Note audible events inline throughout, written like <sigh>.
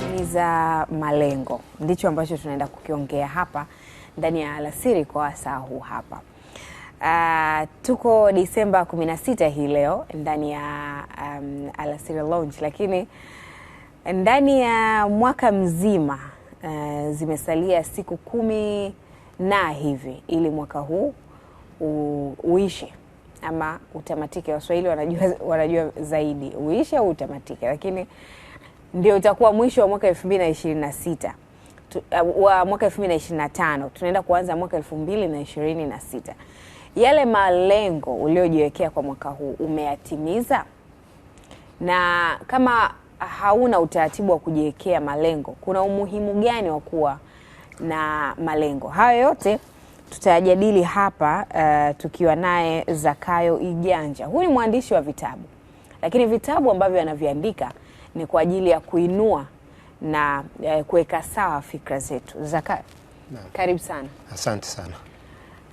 Timiza malengo ndicho ambacho tunaenda kukiongea hapa ndani ya alasiri kwa wasaa huu hapa. Uh, tuko Disemba 16 hii leo ndani ya um, alasiri lounge, lakini ndani ya mwaka mzima uh, zimesalia siku kumi na hivi ili mwaka huu u, uishe ama utamatike. Waswahili wanajua, wanajua zaidi uishe au utamatike, lakini ndio itakuwa mwisho wa mwaka elfu mbili na ishirini na sita uh, wa mwaka elfu mbili na ishirini na tano tunaenda kuanza mwaka elfu mbili na ishirini na sita Yale malengo uliojiwekea kwa mwaka huu umeyatimiza? Na kama hauna utaratibu wa kujiwekea malengo, kuna umuhimu gani wa kuwa na malengo? Hayo yote tutayajadili hapa uh, tukiwa naye Zakayo Iganja. Huyu ni mwandishi wa vitabu, lakini vitabu ambavyo anaviandika ni kwa ajili ya kuinua na eh, kuweka sawa fikra zetu. Zakayo, karibu sana. Asante sana.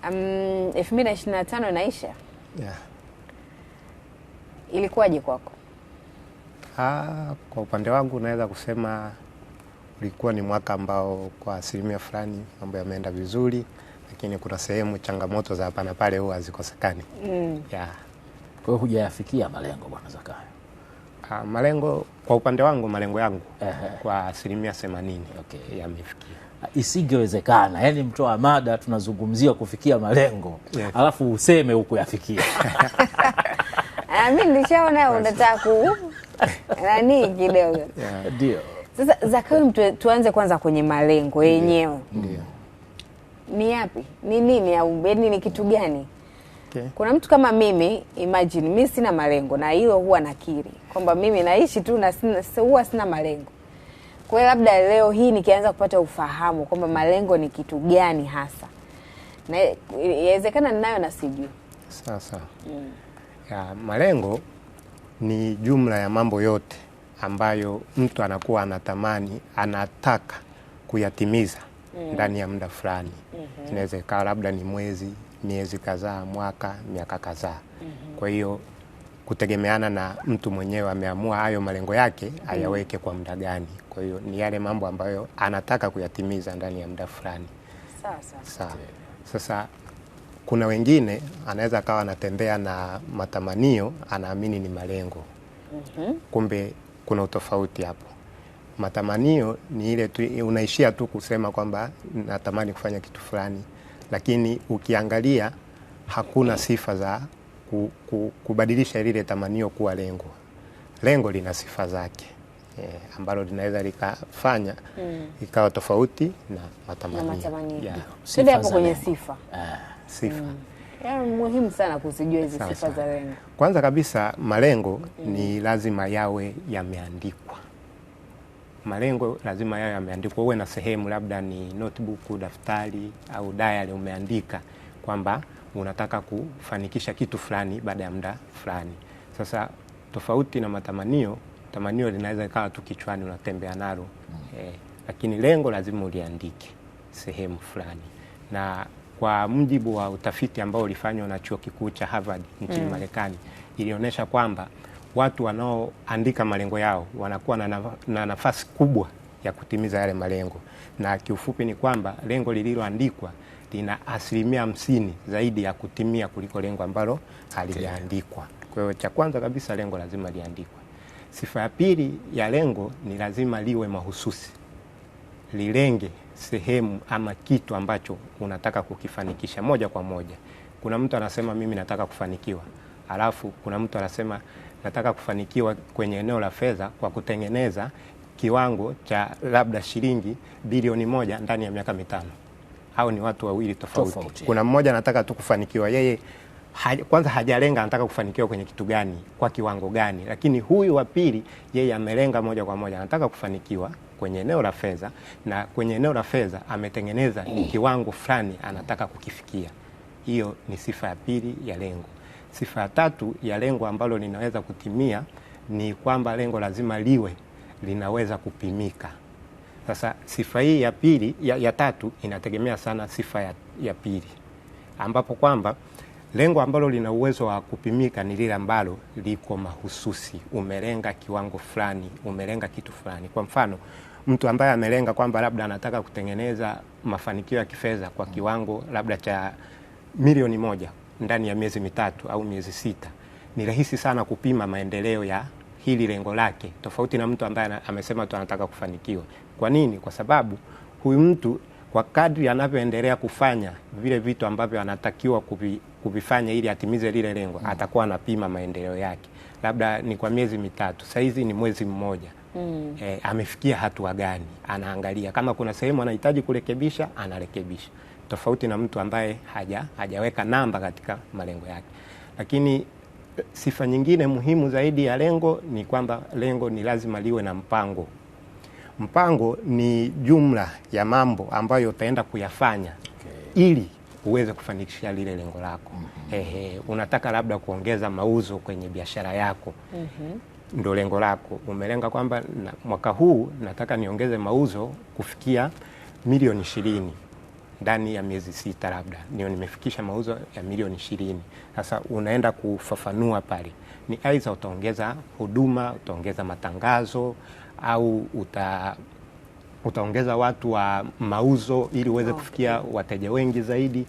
Um, tano inaisha, yeah. Ilikuwaje kwako? Ah, kwa upande wangu naweza kusema ulikuwa ni mwaka ambao kwa asilimia fulani mambo yameenda vizuri, lakini kuna sehemu changamoto za hapa na pale huwa hazikosekani. mm. yeah. Kwa hiyo hujayafikia malengo, Bwana Zakayo? Uh, malengo kwa upande wangu malengo yangu uh -huh. kwa asilimia themanini okay. yamefikia. Isingewezekana yani, mtoa mada tunazungumzia kufikia malengo yes. alafu useme hukuyafikia. <laughs> Ah, Mi nilishaona unataka ku nani kidogo ndio yeah. Sasa Zakayo, tuanze kwanza kwenye malengo yenyewe ni yapi? Ni nini au yaani ni kitu gani okay. Kuna mtu kama mimi, imagine mimi sina malengo, na hilo huwa nakiri kwamba mimi naishi tu na sina, huwa sina malengo. Kwa hiyo labda leo hii nikianza kupata ufahamu kwamba malengo ni kitu gani hasa, na inawezekana ninayo na sijui. Sasa mm. ya, malengo ni jumla ya mambo yote ambayo mtu anakuwa anatamani anataka kuyatimiza mm. ndani mm. ya muda fulani mm -hmm. inaweza ikawa labda ni mwezi miezi kadhaa, mwaka, miaka kadhaa. mm -hmm. Kwa hiyo kutegemeana na mtu mwenyewe ameamua hayo malengo yake mhm. ayaweke kwa muda gani. Kwa hiyo ni yale mambo ambayo anataka kuyatimiza ndani ya muda fulani. Sasa, sasa kuna wengine anaweza akawa anatembea na matamanio, anaamini ni malengo mm -hmm. Kumbe kuna utofauti hapo. Matamanio ni ile tu, unaishia tu kusema kwamba natamani kufanya kitu fulani lakini ukiangalia hakuna sifa za ku, ku, kubadilisha lile tamanio kuwa lengo. Lengo lina sifa zake eh, ambalo linaweza likafanya mm. ikawa tofauti na matamanio kwenye sifa ah, sifa mm. muhimu sana kuzijua hizi sifa za lengo. Kwanza kabisa malengo mm. ni lazima yawe yameandikwa malengo lazima yayo yameandikwa, uwe na sehemu labda ni notebook, daftari au diary, umeandika kwamba unataka kufanikisha kitu fulani baada ya muda fulani. Sasa tofauti na matamanio, tamanio linaweza ikawa tu kichwani unatembea nalo mm. eh, lakini lengo lazima uliandike sehemu fulani, na kwa mujibu wa utafiti ambao ulifanywa na chuo kikuu cha Harvard nchini mm. Marekani ilionyesha kwamba watu wanaoandika malengo yao wanakuwa na nafasi kubwa ya kutimiza yale malengo, na kiufupi ni kwamba lengo lililoandikwa lina asilimia hamsini zaidi ya kutimia kuliko lengo ambalo halijaandikwa. Kwa hiyo cha kwanza kabisa lengo lazima liandikwe. Sifa ya pili ya lengo ni lazima liwe mahususi, lilenge sehemu ama kitu ambacho unataka kukifanikisha moja kwa moja. Kuna mtu anasema mimi nataka kufanikiwa, alafu kuna mtu anasema nataka kufanikiwa kwenye eneo la fedha kwa kutengeneza kiwango cha labda shilingi bilioni moja ndani ya miaka mitano. Hao ni watu wawili tofauti, tofauti. Kuna mmoja anataka tu kufanikiwa yeye haja, kwanza hajalenga anataka kufanikiwa kwenye kitu gani kwa kiwango gani, lakini huyu wa pili yeye amelenga moja kwa moja anataka kufanikiwa kwenye eneo la fedha, na kwenye eneo la fedha ametengeneza kiwango fulani anataka kukifikia. Hiyo ni sifa ya pili ya lengo. Sifa ya tatu ya lengo ambalo linaweza kutimia ni kwamba lengo lazima liwe linaweza kupimika. Sasa sifa hii ya pili ya, ya tatu inategemea sana sifa ya, ya pili ambapo kwamba lengo ambalo lina uwezo wa kupimika ni lile ambalo liko mahususi, umelenga kiwango fulani, umelenga kitu fulani. Kwa mfano mtu ambaye amelenga kwamba labda anataka kutengeneza mafanikio ya kifedha kwa kiwango labda cha milioni moja ndani ya miezi mitatu au miezi sita, ni rahisi sana kupima maendeleo ya hili lengo lake, tofauti na mtu ambaye amesema tu anataka kufanikiwa. Kwa nini? Kwa sababu huyu mtu kwa kadri anavyoendelea kufanya vile vitu ambavyo anatakiwa kuvifanya ili atimize lile lengo mm. atakuwa anapima maendeleo yake, labda ni kwa miezi mitatu, saizi ni mwezi mmoja mm. E, amefikia hatua gani? Anaangalia kama kuna sehemu anahitaji kurekebisha, anarekebisha tofauti na mtu ambaye haja, hajaweka namba katika malengo yake. Lakini eh, sifa nyingine muhimu zaidi ya lengo ni kwamba lengo ni lazima liwe na mpango. Mpango ni jumla ya mambo ambayo utaenda kuyafanya okay, ili uweze kufanikisha lile lengo lako. mm -hmm. Ehe, unataka labda kuongeza mauzo kwenye biashara yako mm -hmm. Ndo lengo lako, umelenga kwamba mwaka huu nataka niongeze mauzo kufikia milioni ishirini ndani ya miezi sita labda ndio nimefikisha mauzo ya milioni ishirini. Sasa unaenda kufafanua pale, ni aidha utaongeza huduma, utaongeza matangazo au uta utaongeza watu wa mauzo ili uweze oh, kufikia wateja wengi zaidi.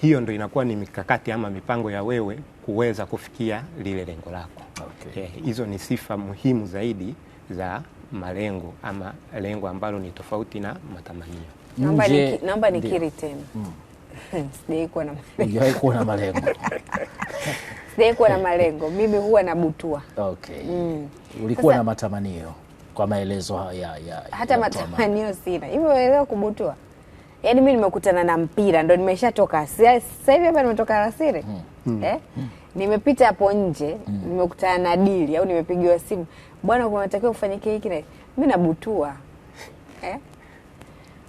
Hiyo ndo inakuwa ni mikakati ama mipango ya wewe kuweza kufikia lile lengo lako. Okay. Eh, hizo ni sifa muhimu zaidi za malengo ama lengo ambalo ni tofauti na matamanio nje. Naomba nikiri tena, mm. <laughs> sijawahi <laughs> kuwa na malengo <laughs> sijawahi kuwa na malengo, mimi huwa nabutua. Okay. Mm. Ulikuwa Sasa, na matamanio kwa maelezo ya, ya hata ya matamanio sina hivyo, elewa kubutua Yaani mi nimekutana na mpira ndo nimeshatoka sasa hivi hapa, nimetoka alasiri hmm. Mm. eh? hmm. nimepita hapo nje hmm. nimekutana na dili au nimepigiwa simu, bwana, kunatakiwa ufanyike hiki na mi nabutua eh?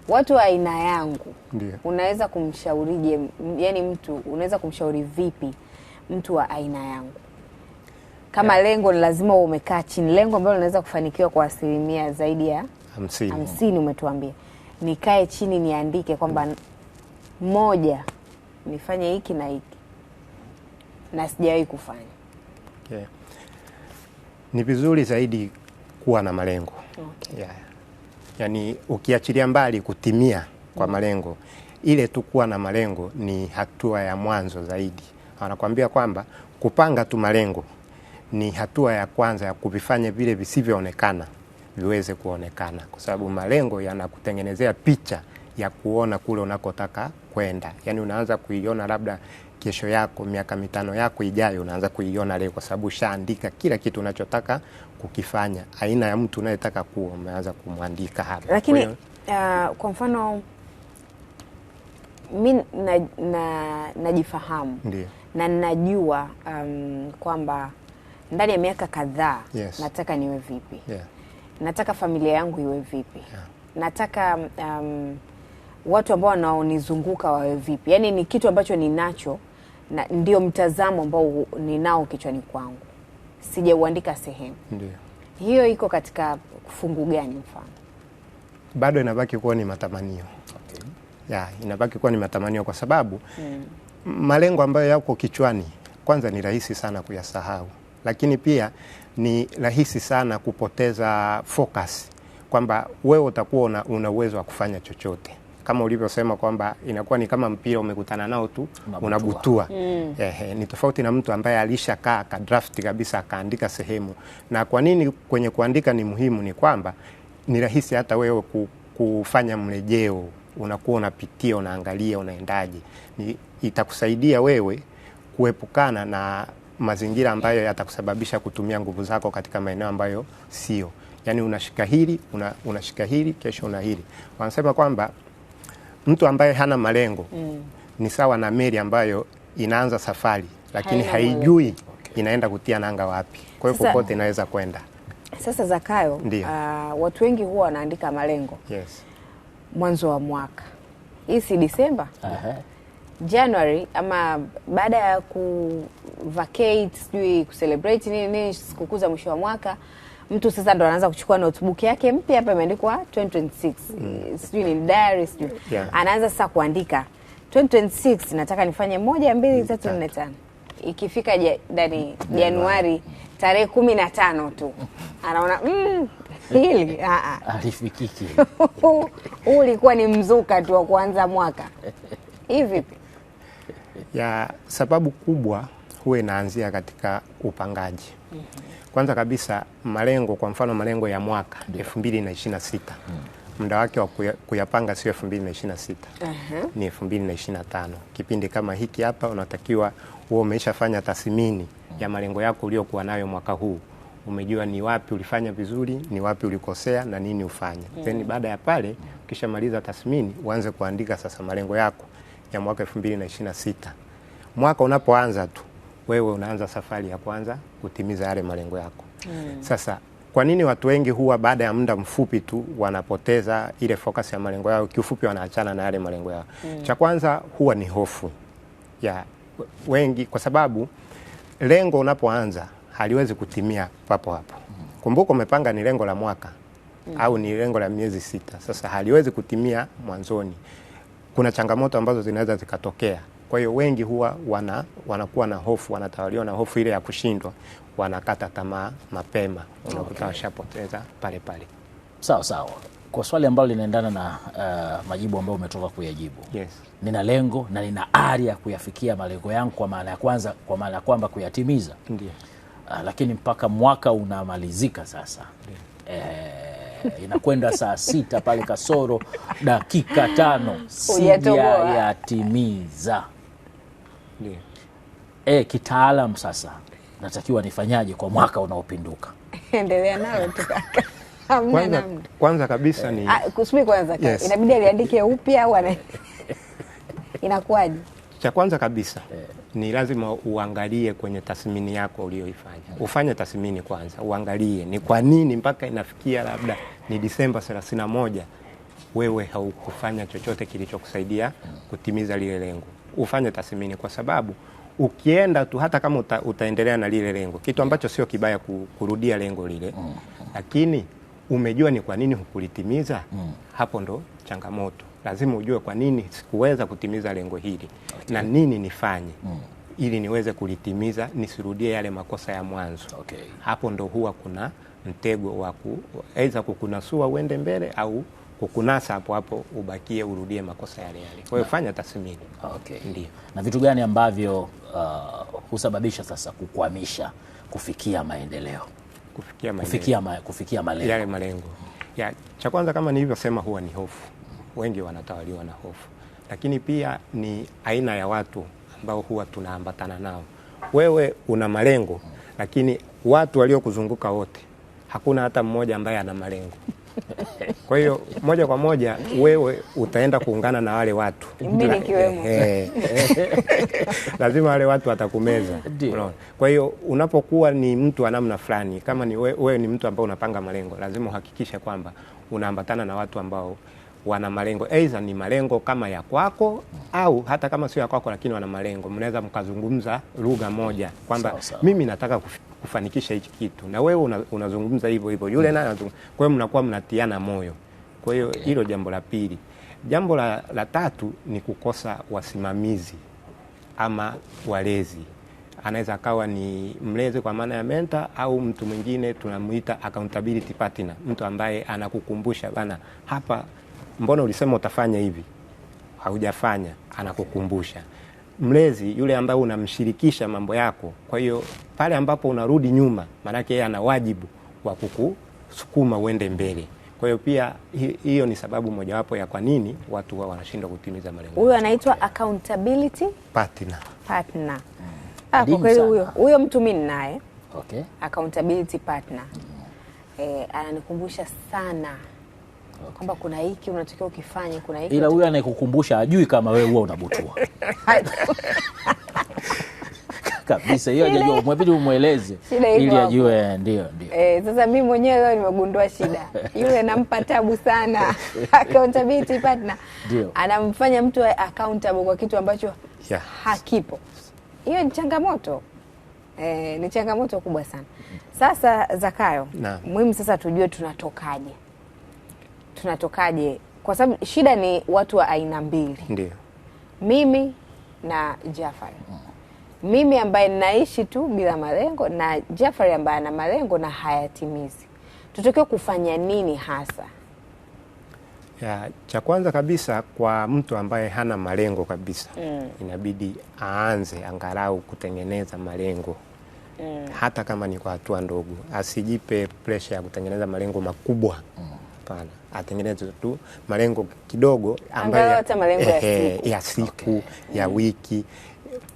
watu wa aina yangu yeah. unaweza kumshaurije? Yani mtu unaweza kumshauri vipi mtu wa aina yangu kama yeah. lengo ni lazima umekaa chini, lengo ambalo linaweza kufanikiwa kwa asilimia zaidi ya hamsini, hamsini umetuambia nikae chini niandike kwamba moja nifanye hiki na hiki na sijawahi kufanya yeah. Ni vizuri zaidi kuwa na malengo okay. yeah yani ukiachilia mbali kutimia kwa mm. malengo, ile tu kuwa na malengo ni hatua ya mwanzo zaidi. Anakuambia kwamba kupanga tu malengo ni hatua ya kwanza ya kuvifanya vile visivyoonekana viweze kuonekana, kwa sababu malengo yanakutengenezea picha ya kuona kule unakotaka kwenda, yani unaanza kuiona labda kesho yako, miaka mitano yako ijayo unaanza kuiona leo, kwa sababu ushaandika kila kitu unachotaka kukifanya. Aina ya mtu unayetaka kuwa umeanza kumwandika hapa. Lakini uh, kwa mfano mi najifahamu na, na, na um, kwamba ndani ya miaka kadhaa yes. Nataka niwe vipi yeah. Nataka familia yangu iwe vipi yeah. Nataka um, watu ambao wanaonizunguka wawe vipi, yaani ni kitu ambacho ninacho na ndio mtazamo ambao ninao kichwani kwangu, sijauandika sehemu. hiyo iko katika fungu gani? Mfano bado inabaki kuwa ni matamanio okay. Ya, inabaki kuwa ni matamanio kwa sababu mm. malengo ambayo yako kichwani kwanza ni rahisi sana kuyasahau, lakini pia ni rahisi sana kupoteza focus kwamba wewe utakuwa una uwezo wa kufanya chochote kama ulivyosema kwamba inakuwa ni kama mpira umekutana nao tu unabutua, mm. Eh, ni tofauti na mtu ambaye alishakaa akadrafti kabisa akaandika sehemu. Na kwa nini kwenye kuandika ni muhimu? Ni kwamba ni rahisi hata wewe kufanya mrejeo, unakuwa unapitia, unaangalia, unaendaje, itakusaidia wewe kuepukana na mazingira ambayo yatakusababisha kutumia nguvu zako katika maeneo ambayo sio. Yaani unashika hili, unashika hili, kesho una hili. Wanasema kwamba mtu ambaye hana malengo mm. ni sawa na meli ambayo inaanza safari lakini Haina haijui inaenda kutia nanga wapi, kwa hiyo popote inaweza kwenda. Sasa Zakayo, uh, watu wengi huwa wanaandika malengo yes. mwanzo wa mwaka, hii si Disemba January ama baada ya ku vacate sijui kucelebrate nini nini sikukuu za mwisho wa mwaka mtu sasa ndo anaanza kuchukua notebook yake mpya, hapa imeandikwa 2026 mm. sijui ni diary sijui yeah. anaanza sasa kuandika 2026 nataka nifanye moja mbili mm, tatu nne tano. Ikifika ndani Januari tarehe kumi na tano tu anaona mm, hili ah, ah. <laughs> alifikiki. <laughs> Huu ulikuwa ni mzuka tu wa kuanza mwaka hivi. Ya sababu kubwa huwa inaanzia katika upangaji. mm -hmm. Kwanza kabisa malengo, kwa mfano malengo ya mwaka 2026 hmm. muda wake wa kuyapanga sio 2026, uh-huh. ni 2025. Kipindi kama hiki hapa unatakiwa wewe umeshafanya tathmini ya hmm. malengo yako uliokuwa nayo mwaka huu, umejua ni wapi ulifanya vizuri, ni wapi ulikosea na nini ufanye. Hmm. Then baada ya pale ukishamaliza tathmini, uanze kuandika sasa malengo yako ya mwaka 2026. Mwaka unapoanza tu wewe unaanza safari ya kwanza kutimiza yale malengo yako. Mm. Sasa kwa nini watu wengi huwa baada ya muda mfupi tu wanapoteza ile focus ya malengo yao, kiufupi wanaachana na yale malengo yao? Mm. Cha kwanza huwa ni hofu ya wengi, kwa sababu lengo unapoanza haliwezi kutimia papo hapo. Mm. Kumbuka umepanga ni lengo la mwaka mm. au ni lengo la miezi sita. Sasa haliwezi kutimia mwanzoni, kuna changamoto ambazo zinaweza zikatokea kwa hiyo wengi huwa wana, wanakuwa na hofu, wanatawaliwa na hofu ile ya kushindwa, wanakata tamaa mapema, unakuta okay, washapoteza pale pale. Sawa sawa. Kwa swali ambalo linaendana na uh, majibu ambayo umetoka kuyajibu, yes. Nina lengo na nina ari ya kuyafikia malengo yangu, kwa maana ya kwanza, kwa maana ya kwamba kuyatimiza, ndiyo. Uh, lakini mpaka mwaka unamalizika sasa, eh, inakwenda saa sita pale kasoro dakika tano sijayatimiza e, kitaalam sasa natakiwa nifanyaje kwa mwaka unaopinduka? <laughs> Endelea nalo <laughs> Kwanza, kwanza kabisa ni ah, kusubiri kwanza, yes. Inabidi aliandike upya au <laughs> inakuwaje? Cha kwanza kabisa e. ni lazima uangalie kwenye tathmini yako uliyoifanya, ufanye tathmini kwanza, uangalie ni kwa nini mpaka inafikia labda ni Disemba 31 wewe haukufanya chochote kilichokusaidia kutimiza lile lengo ufanye tathmini, kwa sababu ukienda tu hata kama uta, utaendelea na lile lengo, kitu ambacho sio kibaya kurudia lengo lile mm. lakini umejua ni kwa nini hukulitimiza mm. hapo ndo changamoto. Lazima ujue kwa nini sikuweza kutimiza lengo hili okay. na nini nifanye mm. ili niweze kulitimiza, nisirudie yale makosa ya mwanzo okay. hapo ndo huwa kuna mtego wa kuweza kukunasua uende mbele au kukunasa hapo hapo, ubakie urudie makosa yale yale. Kwa hiyo fanya tathmini. Okay. Ndio. Na vitu gani ambavyo uh, husababisha sasa kukwamisha kufikia maendeleo, kufikia maendeleo. kufikia ma, kufikia malengo, yale malengo ya cha kwanza kama nilivyosema, huwa ni hofu. Wengi wanatawaliwa na hofu, lakini pia ni aina ya watu ambao huwa tunaambatana nao. Wewe una malengo, lakini watu waliokuzunguka wote, hakuna hata mmoja ambaye ana malengo. Kwa hiyo moja kwa moja wewe utaenda kuungana na wale watu eh, eh, <laughs> lazima wale watu watakumeza. Kwa hiyo unapokuwa ni mtu wa namna fulani, kama ni wewe we, ni mtu ambao unapanga malengo, lazima uhakikishe kwamba unaambatana na watu ambao wana malengo, aidha ni malengo kama ya kwako au hata kama sio ya kwako, lakini wana malengo, mnaweza mkazungumza lugha moja kwamba mimi nataka kufanikisha hichi kitu, na wewe unazungumza una hivyo hivyo, yule naye anazungumza. Kwa hiyo mnakuwa mnatiana moyo. Kwa hiyo hilo jambo la pili. Jambo la, la tatu ni kukosa wasimamizi ama walezi. Anaweza akawa ni mlezi kwa maana ya menta au mtu mwingine tunamuita accountability partner, mtu ambaye anakukumbusha bana, hapa mbona ulisema utafanya hivi, haujafanya, anakukumbusha mlezi yule ambaye unamshirikisha mambo yako. Kwa hiyo pale ambapo unarudi nyuma, maanake yeye ana wajibu wa kukusukuma uende mbele. Kwa hiyo pia hiyo ni sababu mojawapo ya kwa nini watu wao wanashindwa kutimiza malengo. Huyo anaitwa accountability partner. Partner. Hmm. Ah, kwa kweli huyo huyo mtu mimi ninaye. Okay. Accountability partner. Eh, ananikumbusha sana kwamba kuna hiki unatakiwa ukifanye, kuna hiki ila huyo anayekukumbusha ajui kama wewe huwa unabutua <laughs> kabisa hiyo hajajua, mwabidi umweleze ili ajue. Ndio, ndio. Eh, sasa mimi mwenyewe leo nimegundua shida yule nampa tabu sana <laughs> accountability partner ndio anamfanya mtu accountable kwa kitu ambacho yeah, hakipo. Hiyo ni changamoto eh, ni changamoto kubwa sana. Sasa Zakayo, muhimu sasa tujue tunatokaje tunatokaje? Kwa sababu shida ni watu wa aina mbili, ndio mimi na Jafari mm. mimi ambaye naishi tu bila malengo na Jafari ambaye ana malengo na hayatimizi, tutakiwa kufanya nini hasa? Ya, cha kwanza kabisa kwa mtu ambaye hana malengo kabisa mm. inabidi aanze angalau kutengeneza malengo mm. hata kama ni kwa hatua ndogo, asijipe presha ya kutengeneza malengo makubwa mm. Hapana, atengeneze tu malengo kidogo ambayo hata malengo ya siku, ya, siku okay. ya wiki.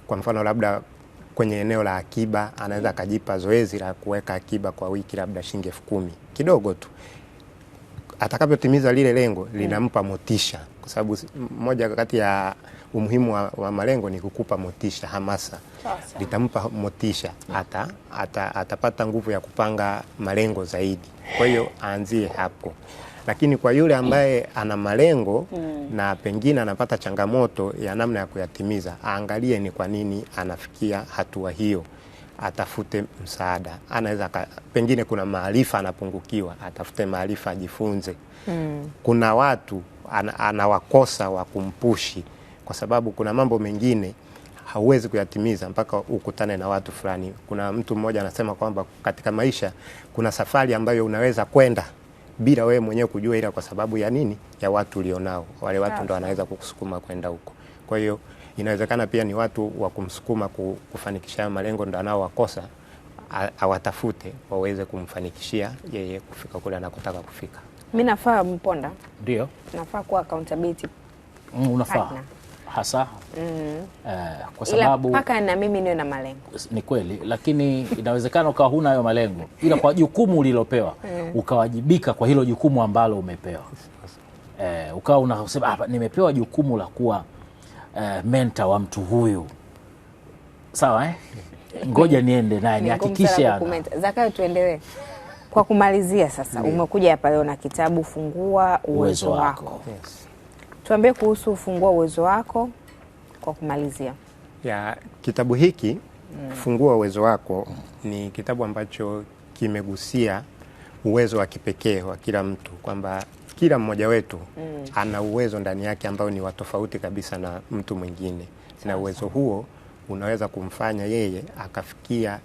Kwa mfano labda kwenye eneo la akiba anaweza akajipa zoezi la kuweka akiba kwa wiki labda shilingi elfu kumi kidogo tu. Atakapotimiza lile lengo hmm. linampa motisha, kwa sababu moja kati ya umuhimu wa, wa malengo ni kukupa motisha, hamasa Litampa motisha ata, ata, atapata nguvu ya kupanga malengo zaidi. Kwa hiyo aanzie hapo, lakini kwa yule ambaye ana malengo mm. na pengine anapata changamoto ya namna ya kuyatimiza, aangalie ni kwa nini anafikia hatua hiyo atafute msaada, anaweza pengine, kuna maarifa anapungukiwa, atafute maarifa, ajifunze. mm. kuna watu anawakosa wa kumpushi kwa sababu kuna mambo mengine hauwezi kuyatimiza mpaka ukutane na watu fulani. Kuna mtu mmoja anasema kwamba katika maisha kuna safari ambayo unaweza kwenda bila wewe mwenyewe kujua, ila kwa sababu ya nini? Ya watu ulionao, wale watu ndo wanaweza kukusukuma kwenda huko. Kwa hiyo inawezekana pia ni watu wa kumsukuma kufanikisha malengo ndo anaowakosa, awatafute waweze kumfanikishia yeye kufika kule anakotaka kufika. Mimi nafaa Mponda, ndio nafaa kuwa accountability, mm, unafaa hasa mm -hmm. uh, kwa sababu mpaka na mimi niwe na malengo ni kweli, lakini inawezekana ukawa huna hayo malengo, ila kwa jukumu ulilopewa mm -hmm. ukawajibika kwa hilo jukumu ambalo umepewa uh, ukawa unasema ah, nimepewa jukumu la kuwa uh, mentor wa mtu huyu, sawa eh? Ngoja niende naye nihakikishe. Zakayo, tuendelee kwa kumalizia sasa. Umekuja hapa leo na kitabu Fungua Uwezo Wako, wako. Yes. Tuambie kuhusu Fungua Uwezo Wako kwa kumalizia. Ya, kitabu hiki mm. Fungua Uwezo Wako ni kitabu ambacho kimegusia uwezo wa kipekee wa kila mtu kwamba kila mmoja wetu mm. ana uwezo ndani yake ambao ni wa tofauti kabisa na mtu mwingine Sasa. Na uwezo huo unaweza kumfanya yeye akafikia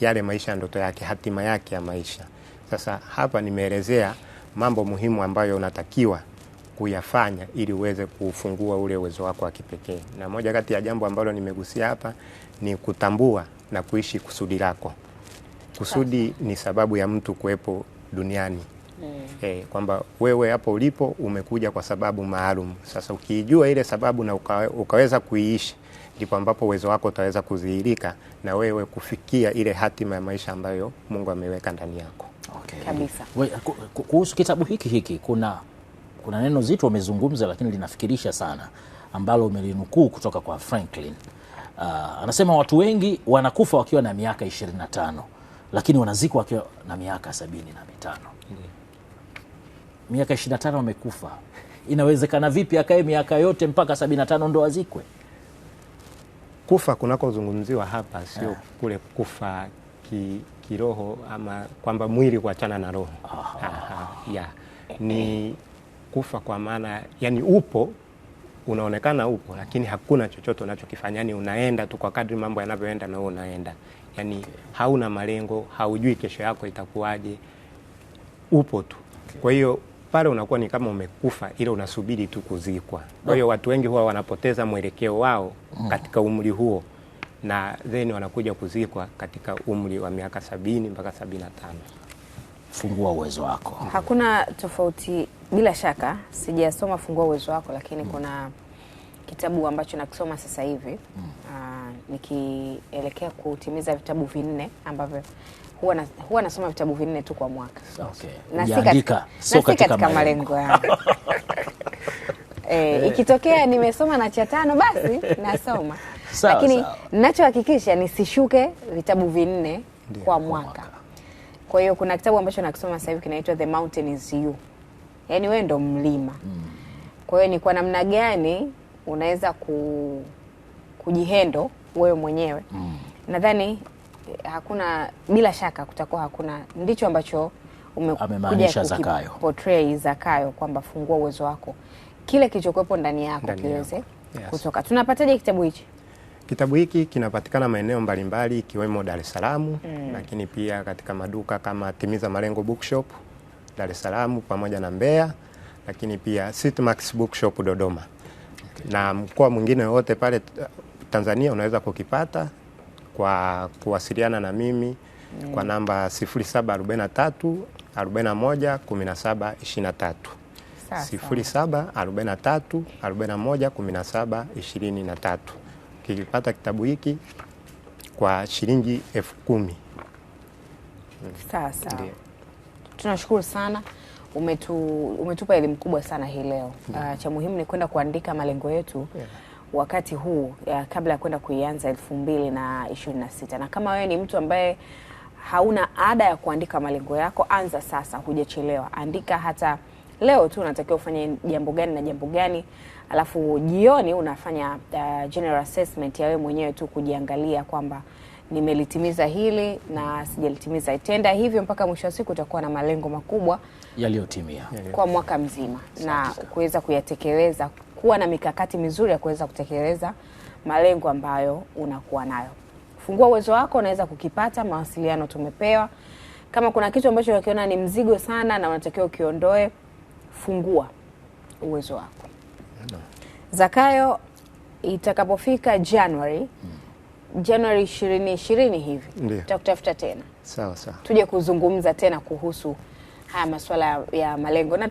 yale maisha ya ndoto yake, hatima yake ya maisha. Sasa hapa nimeelezea mambo muhimu ambayo unatakiwa kuyafanya ili uweze kufungua ule uwezo wako wa kipekee. Na moja kati ya jambo ambalo nimegusia hapa ni kutambua na kuishi kusudi lako. Kusudi ni sababu ya mtu kuwepo duniani. Mm. E, kwamba wewe hapo ulipo umekuja kwa sababu maalum. Sasa ukiijua ile sababu na uka, ukaweza kuiishi ndipo ambapo uwezo wako utaweza kudhihirika na wewe kufikia ile hatima ya maisha ambayo Mungu ameweka ndani yako. Okay. Kabisa. Kuhusu kitabu hiki hiki kuna kuna neno zito umezungumza, lakini linafikirisha sana, ambalo umelinukuu kutoka kwa Franklin. Uh, anasema watu wengi wanakufa wakiwa na miaka 25 lakini wanazikwa wakiwa na miaka sabini na mitano. Miaka 25 wamekufa, inawezekana vipi akae miaka yote mpaka 75 ndo azikwe? Kufa kunakozungumziwa hapa sio yeah, kule kufa ki, kiroho ama kwamba mwili kuachana na roho. Aha. Aha, ya ni kufa kwa maana yani upo unaonekana upo, lakini hakuna chochote unachokifanya, yani unaenda tu kwa kadri mambo yanavyoenda, na wewe unaenda yani okay. hauna malengo, haujui kesho yako itakuwaje, upo tu okay. kwa hiyo pale unakuwa ni kama umekufa, ila unasubiri tu kuzikwa. Kwa hiyo watu wengi huwa wanapoteza mwelekeo wao mm. katika umri huo na then wanakuja kuzikwa katika umri wa miaka sabini mpaka sabini na tano. Fungua uwezo wako. Hakuna tofauti bila shaka sijasoma Fungua Uwezo Wako, lakini mm. kuna kitabu ambacho nakisoma sasa hivi mm. uh, nikielekea kutimiza vitabu vinne ambavyo huwa, na, huwa nasoma vitabu vinne tu kwa mwaka okay. na si katika, so katika malengo yangu <laughs> <laughs> E, ikitokea nimesoma na cha tano basi nasoma <laughs> sawa, lakini ninachohakikisha nisishuke vitabu vinne kwa mwaka. Kwa hiyo kuna kitabu ambacho nakisoma sasa hivi kinaitwa The Mountain is You yani wewe ndo mlima mm. Kwa hiyo ni kwa namna gani unaweza ku, kujihendo wewe mwenyewe mm. Nadhani eh, hakuna bila shaka kutakuwa hakuna, ndicho ambacho umekuja Zakayo portray Zakayo kwamba fungua uwezo wako, kile kilichokuwepo ndani yako kiweze yes. kutoka. Tunapataje kitabu hichi? Kitabu hiki kinapatikana maeneo mbalimbali ikiwemo Dar es Salaam mm. lakini pia katika maduka kama Timiza Malengo Bookshop Dar es Salaam pamoja na Mbeya, lakini pia Sitmax Bookshop Dodoma. Okay. Na mkoa mwingine wote pale eh, Tanzania unaweza kukipata kwa kuwasiliana na mimi mm. kwa namba 0743 41 17 23. Sifuri saba arobaini na Ukipata kitabu hiki kwa shilingi elfu kumi. Mm. Sasa. Tunashukuru sana umetu, umetupa elimu kubwa sana hii leo yeah. Uh, cha muhimu ni kwenda kuandika malengo yetu yeah. Wakati huu uh, kabla ya kwenda kuianza elfu mbili na ishirini na sita na kama wewe ni mtu ambaye hauna ada ya kuandika malengo yako, anza sasa, hujachelewa. Andika hata leo tu unatakiwa ufanye jambo gani na jambo gani, alafu jioni unafanya uh, general assessment ya wewe mwenyewe tu kujiangalia kwamba nimelitimiza hili na sijalitimiza. itenda hivyo mpaka mwisho wa siku utakuwa na malengo makubwa yaliyotimia kwa mwaka mzima na kuweza kuyatekeleza, kuwa na mikakati mizuri ya kuweza kutekeleza malengo ambayo unakuwa nayo. Fungua uwezo wako, unaweza kukipata. Mawasiliano tumepewa. Kama kuna kitu ambacho unakiona ni mzigo sana na unatakiwa ukiondoe, fungua uwezo wako. Zakayo, itakapofika Januari hmm. Januari 2020 hivi tutakutafuta tena sawa sawa, tuje kuzungumza tena kuhusu haya masuala ya malengo na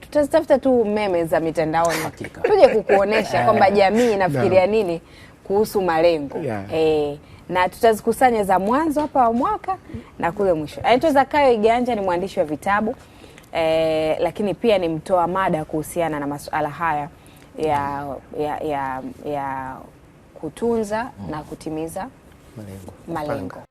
tutatafuta tu meme za mitandaoni tuje kukuonesha kwamba jamii inafikiria no. nini kuhusu malengo yeah. E, na tutazikusanya za mwanzo hapa wa mwaka na kule mwisho. Anaitwa Zakayo Iganja, ni mwandishi wa vitabu e, lakini pia ni mtoa mada kuhusiana na masuala haya ya, ya, ya, ya kutunza mm. na kutimiza malengo, malengo.